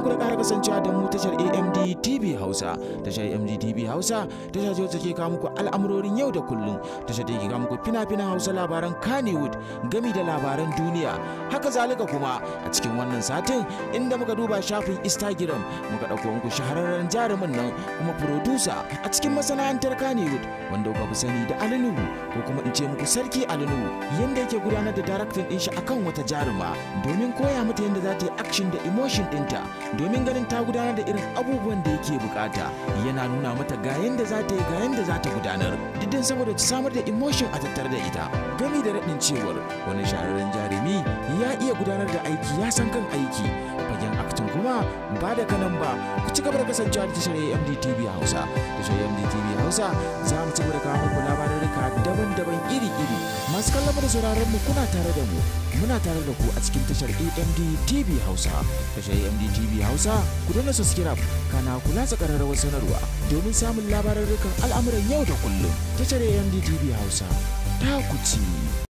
kuma ku da ƙara kasancewa da mu tashar AMD TV Hausa tashar AMD TV Hausa tashar ce take kawo muku al'amurorin yau da kullum tashar take kawo muku fina-finan Hausa labaran Kannywood gami da labaran duniya haka zalika kuma a cikin wannan satin inda muka duba shafin Instagram muka dauko muku shahararren jarumin nan kuma producer a cikin masana'antar Kannywood wanda ba ku sani da alinu ko kuma in ce muku sarki Alinu yanda yake gudanar da directing din shi akan wata jaruma domin koya mata yanda za ta yi action da emotion ɗinta domin ganin ta gudanar da irin abubuwan da yake bukata yana nuna mata ga yanda za ta yi ga yanda za ta gudanar diddin saboda samar da emotion a tattare da ita gami da raɗin cewar wani shahararren jarumi ya iya gudanar da aiki ya san kan aiki fagen aktin kuma ba da kanan ba ku ci gaba da kasancewa da tashar MDTV Hausa tashar MDTV Hausa za mu ci gaba da kawo muku daban-daban iri-iri masu kallon da sauraron mu kuna tare da mu muna tare da ku a cikin tashar AMD TV Hausa tashar AMD TV Hausa ku danna subscribe kana kula da kararrawar sanarwa domin samun labarurrukan al'amuran yau da kullum tashar AMD TV Hausa ta ku ci